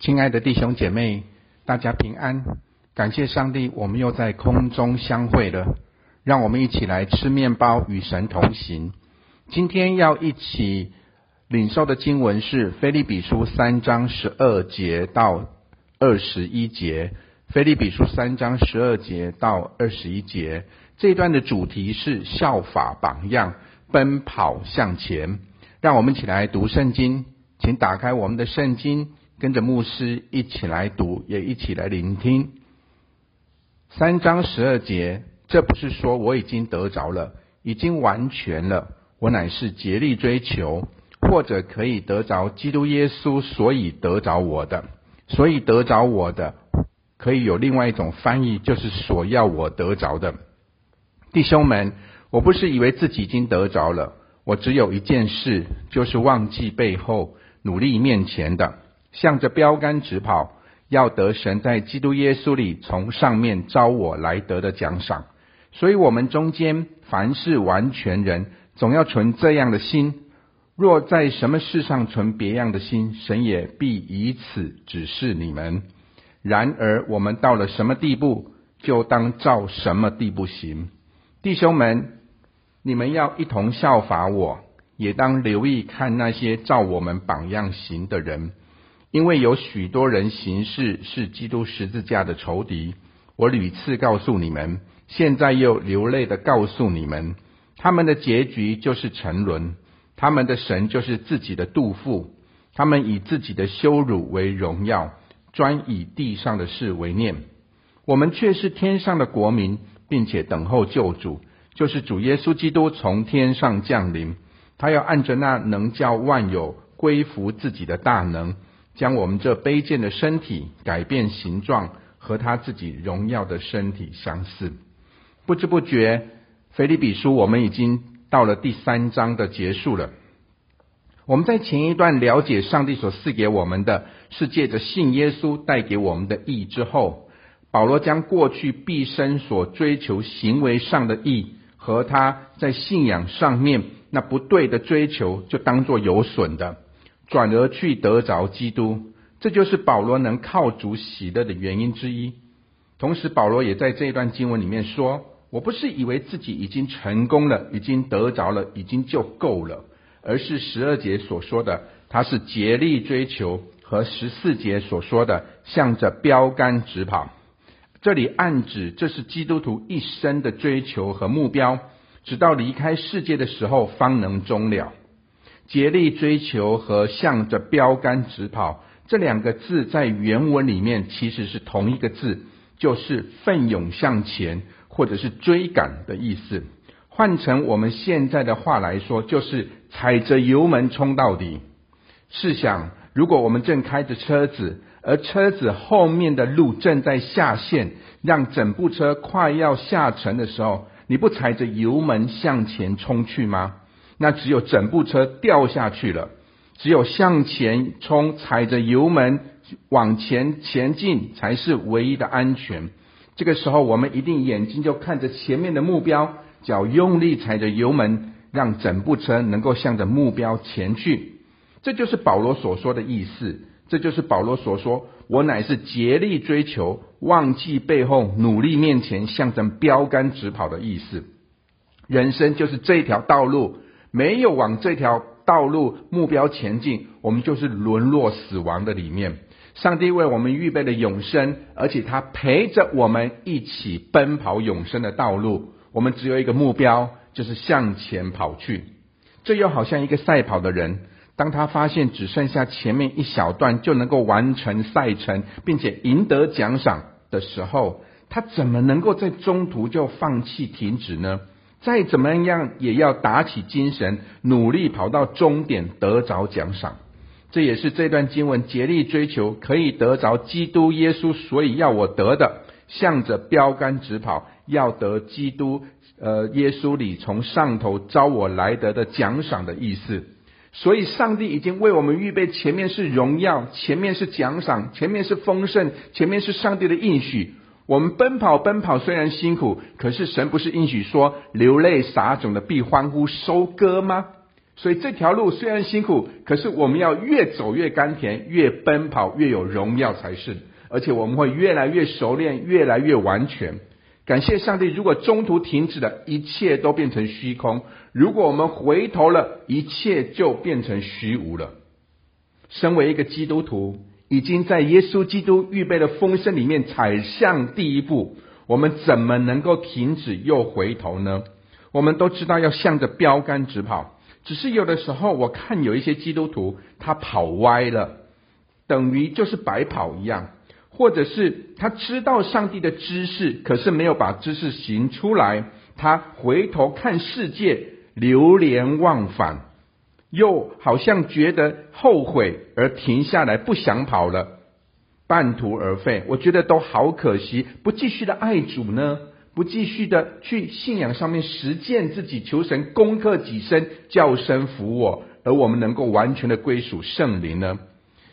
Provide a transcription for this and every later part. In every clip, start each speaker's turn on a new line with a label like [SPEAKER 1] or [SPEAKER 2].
[SPEAKER 1] 親愛的弟兄姐妹，大家平安！感謝上帝，我們又在空中相會了。讓我們一起來吃面包，與神同行。今天要一起領受的經文是《腓立比書》三章十二節到二十一節，《腓立比書》三章十二節到二十一節。這一段的主題是效法榜樣，奔跑向前。讓我們一起來讀聖經，請打開我們的聖經。跟着牧師一起來讀，也一起來聆聽三章十二節。這不是說我已經得着了，已經完全了。我乃是竭力追求，或者可以得着基督耶穌，所以得着我的，所以得着我的，可以有另外一種翻譯，就是所要我得着的。弟兄們，我不是以為自己已經得着了，我只有一件事，就是忘記背後，努力面前的。向着標杆直跑，要得神在基督耶穌裡從上面召我來得的獎賞。所以，我們中間凡是完全人，總要存這樣的心；若在什麼事上存別樣的心，神也必以此指示你們。然而，我們到了什麼地步，就當照什麼地步行。弟兄們，你們要一同效法我，也當留意看那些照我們榜樣行的人。因為有許多人行事是基督十字架的仇敵，我屢次告訴你們，現在又流淚的告訴你們，他們的結局就是沉淪，他們的神就是自己的肚腹，他們以自己的羞辱為榮耀，專以地上的事為念。我們卻是天上的國民，並且等候救主，就是主耶穌基督從天上降臨。他要按着那能叫萬有歸服自己的大能。將我們這卑賤的身體改變形狀，和他自己榮耀的身體相似。不知不覺，腓立比書我們已經到了第三章的結束了。我們在前一段了解上帝所賜給我們的是借着信耶穌帶給我們的義之後，保羅將過去畢生所追求行為上的義和他在信仰上面那不對的追求，就當做有損的。轉而去得着基督，這就是保羅能靠主喜樂的原因之一。同時，保羅也在這一段經文裡面說：“我不是以為自己已經成功了、已經得着了、已經就夠了，而是十二節所說的他是竭力追求，和十四節所說的向着標杆直跑。”這裡暗指這是基督徒一生的追求和目標，直到離開世界的時候方能終了。竭力追求和向着標杆直跑這兩個字在原文裡面其實是同一個字，就是奮勇向前或者是追趕的意思。換成我們現在的話來說，就是踩着油門衝到底。試想，如果我們正開着車子，而車子後面的路正在下陷，讓整部車快要下沉的時候，你不踩着油門向前衝去嗎？那只有整部車掉下去了，只有向前衝，踩着油門往前前進才是唯一的安全。這個時候，我們一定眼睛就看着前面的目標，腳用力踩着油門，讓整部車能夠向着目標前去。這就是保羅所說的意思。這就是保羅所說：“我乃是竭力追求，忘記背後，努力面前，向着標杆直跑的意思。”人生就是這一條道路。沒有往這條道路目標前進，我們就是淪落死亡的裡面。上帝為我們預備了永生，而且他陪着我們一起奔跑永生的道路。我們只有一個目標，就是向前跑去。這又好像一個賽跑的人，當他發現只剩下前面一小段就能夠完成賽程，並且贏得獎賞的時候，他怎麼能夠在中途就放棄停止呢？再怎麼樣也要打起精神，努力跑到終點，得着獎賞。這也是這段經文竭力追求，可以得着基督耶穌，所以要我得的，向着標杆直跑，要得基督，呃，耶穌裡從上頭召我來得的獎賞的意思。所以，上帝已經為我們預備，前面是榮耀，前面是獎賞，前面是豐盛，前面是上帝的應許。我們奔跑奔跑，雖然辛苦，可是神不是應許說流淚撒種的必歡呼收割嗎？所以這條路雖然辛苦，可是我們要越走越甘甜，越奔跑越有榮耀才是。而且我們會越來越熟練，越來越完全。感謝上帝，如果中途停止了，一切都變成虛空；如果我們回頭了，一切就變成虛無了。身為一個基督徒。已經在耶穌基督預備的風聲裡面踩向第一步，我們怎麼能夠停止又回頭呢？我們都知道要向着標杆直跑，只是有的時候我看有一些基督徒他跑歪了，等於就是白跑一樣；或者是他知道上帝的知識，可是沒有把知識行出來，他回頭看世界，流連忘返。又好像覺得後悔而停下來，不想跑了，半途而廢。我覺得都好可惜，不繼續的愛主呢？不繼續的去信仰上面實踐自己，求神攻克己身，叫身服我，而我們能夠完全的歸屬聖靈呢？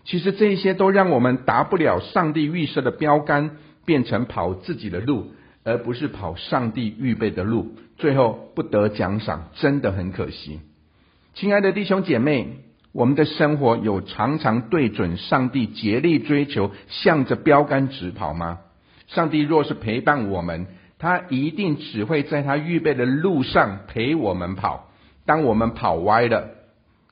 [SPEAKER 1] 其實這一些都讓我們達不了上帝預設的標桿，變成跑自己的路，而不是跑上帝預備的路，最後不得獎賞，真的很可惜。親愛的弟兄姐妹，我們的生活有常常對準上帝，竭力追求，向着標杆直跑嗎？上帝若是陪伴我們，他一定只會在他預備的路上陪我們跑。當我們跑歪了，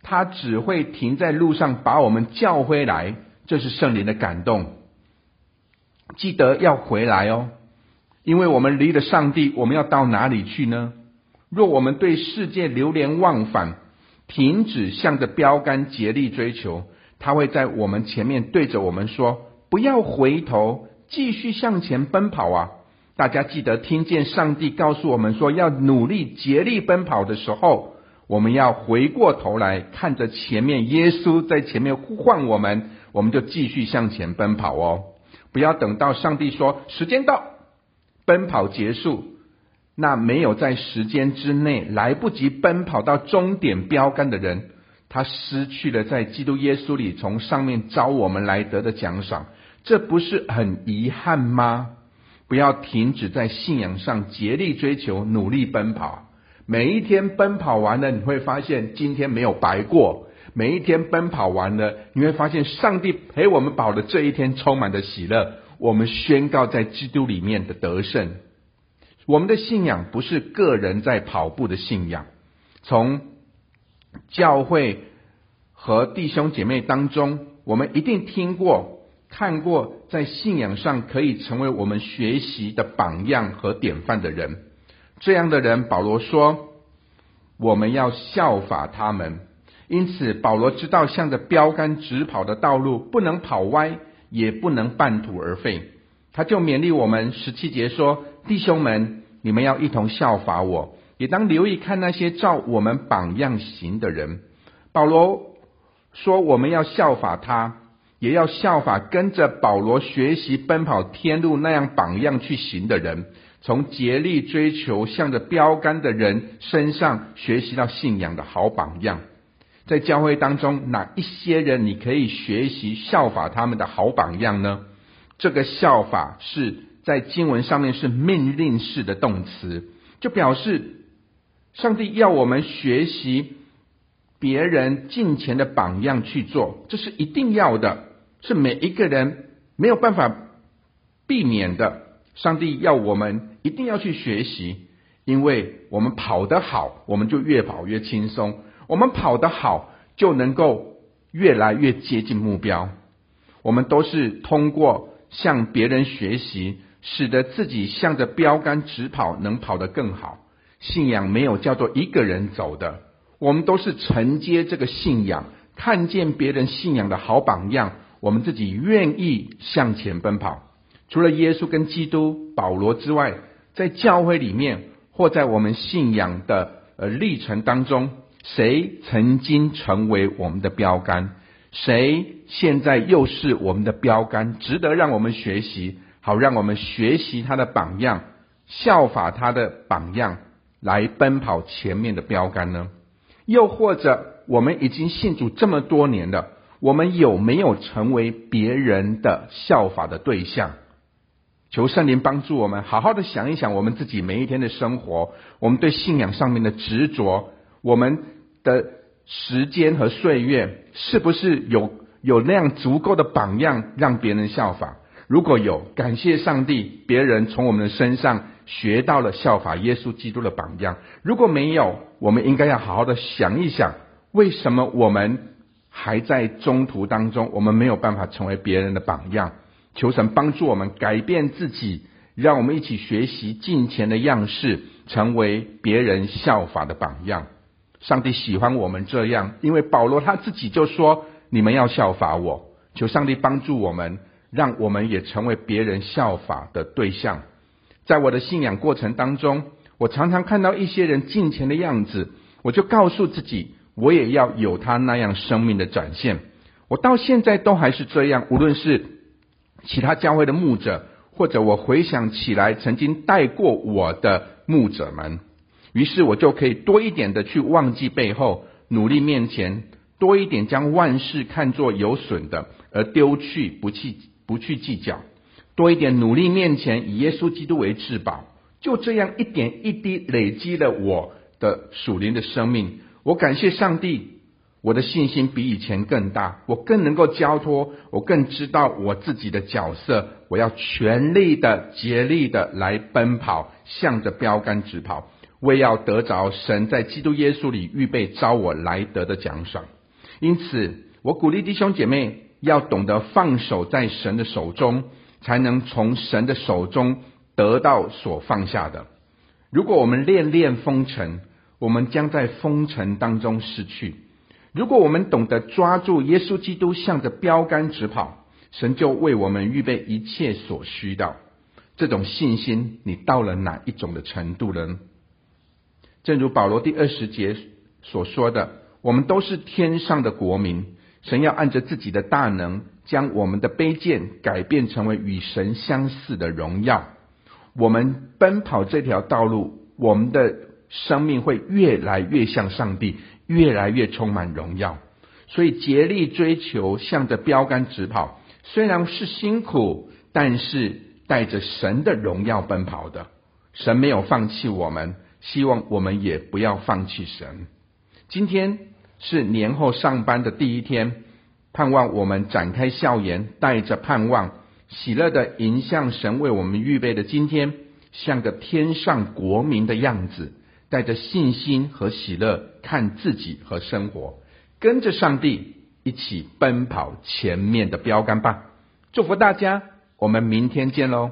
[SPEAKER 1] 他只會停在路上，把我們叫回來。這是聖靈的感動，記得要回來哦，因為我們離了上帝，我們要到哪裡去呢？若我們對世界流連忘返，停止向着標杆竭力追求，他會在我們前面對着我們說：“不要回頭，繼續向前奔跑啊！”大家記得聽見上帝告訴我們說要努力竭力奔跑的時候，我們要回過頭來看着前面，耶穌在前面呼喚我們，我們就繼續向前奔跑哦！不要等到上帝說時間到，奔跑結束。那沒有在時間之內來不及奔跑到終點標杆的人，他失去了在基督耶穌裡從上面召我們來得的獎賞，這不是很遺憾嗎？不要停止在信仰上竭力追求，努力奔跑。每一天奔跑完了，你會發現今天沒有白過；每一天奔跑完了，你會發現上帝陪我們跑的這一天充滿着喜樂。我們宣告在基督裡面的得勝。我們的信仰不是個人在跑步的信仰，從教會和弟兄姐妹當中，我們一定聽過、看過，在信仰上可以成為我們學習的榜樣和典範的人。這樣的人，保羅說，我們要效法他們。因此，保羅知道向着標桿直跑的道路，不能跑歪，也不能半途而廢。他就勉勵我們，十七節說：“弟兄們，你們要一同效法我，也當留意看那些照我們榜樣行的人。”保羅說：“我們要效法他，也要效法跟着保羅學習奔跑天路那樣榜樣去行的人，從竭力追求向着標杆的人身上學習到信仰的好榜樣。”在教會當中，哪一些人你可以學習效法他們的好榜樣呢？這個效法是在經文上面是命令式的動詞，就表示上帝要我們學習別人進前的榜樣去做，這是一定要的，是每一個人沒有辦法避免的。上帝要我們一定要去學習，因為我們跑得好，我們就越跑越輕鬆；我們跑得好，就能夠越來越接近目標。我們都是通過。向別人學習，使得自己向着標杆直跑，能跑得更好。信仰沒有叫做一個人走的，我們都是承接這個信仰，看見別人信仰的好榜樣，我們自己願意向前奔跑。除了耶穌跟基督、保羅之外，在教會裡面或在我們信仰的呃歷程當中，誰曾經成為我們的標杆？誰現在又是我們的標杆，值得讓我們學習？好，讓我們學習他的榜樣，效法他的榜樣來奔跑前面的標杆呢？又或者，我們已經信主這麼多年了，我們有沒有成為別人的效法的對象？求聖靈幫助我們，好好的想一想我們自己每一天的生活，我們對信仰上面的執着，我們的。時間和歲月是不是有有那樣足夠的榜樣讓別人效仿？如果有，感謝上帝，別人從我們的身上學到了效法耶穌基督的榜樣。如果沒有，我們應該要好好的想一想，為什麼我們還在中途當中，我們沒有辦法成為別人的榜樣？求神幫助我們改變自己，讓我們一起學習進前的樣式，成為別人效法的榜樣。上帝喜歡我們這樣，因為保羅他自己就說：“你們要效法我。”求上帝幫助我們，讓我們也成為別人效法的對象。在我的信仰過程當中，我常常看到一些人敬虔的樣子，我就告訴自己，我也要有他那樣生命的展現。我到現在都還是這樣，無論是其他教會的牧者，或者我回想起來曾經帶過我的牧者們。於是我就可以多一點的去忘記背後，努力面前，多一點將萬事看作有損的，而丟去不去不去計較，多一點努力面前以耶穌基督為至寶，就這樣一點一滴累積了我的屬靈的生命。我感謝上帝，我的信心比以前更大，我更能夠交託，我更知道我自己的角色，我要全力的竭力的來奔跑，向着標杆直跑。為要得着神在基督耶穌裡預備召我來得的獎賞，因此我鼓勵弟兄姐妹要懂得放手在神的手中，才能從神的手中得到所放下的。如果我們戀戀風塵，我們將在風塵當中逝去；如果我們懂得抓住耶穌基督，向着標杆直跑，神就為我們預備一切所需的。這種信心，你到了哪一種的程度了呢？正如保羅第二十節所說的，我們都是天上的國民。神要按着自己的大能，將我們的卑賤改變成為與神相似的榮耀。我們奔跑這條道路，我們的生命會越來越像上帝，越來越充滿榮耀。所以竭力追求，向着標杆直跑。雖然是辛苦，但是帶着神的榮耀奔跑的，神沒有放棄我們。希望我們也不要放棄神。今天是年後上班的第一天，盼望我們展開笑顏，帶着盼望、喜樂的迎向神為我們預備的今天，像個天上國民的樣子，帶着信心和喜樂看自己和生活，跟着上帝一起奔跑前面的標杆吧！祝福大家，我們明天見嘍。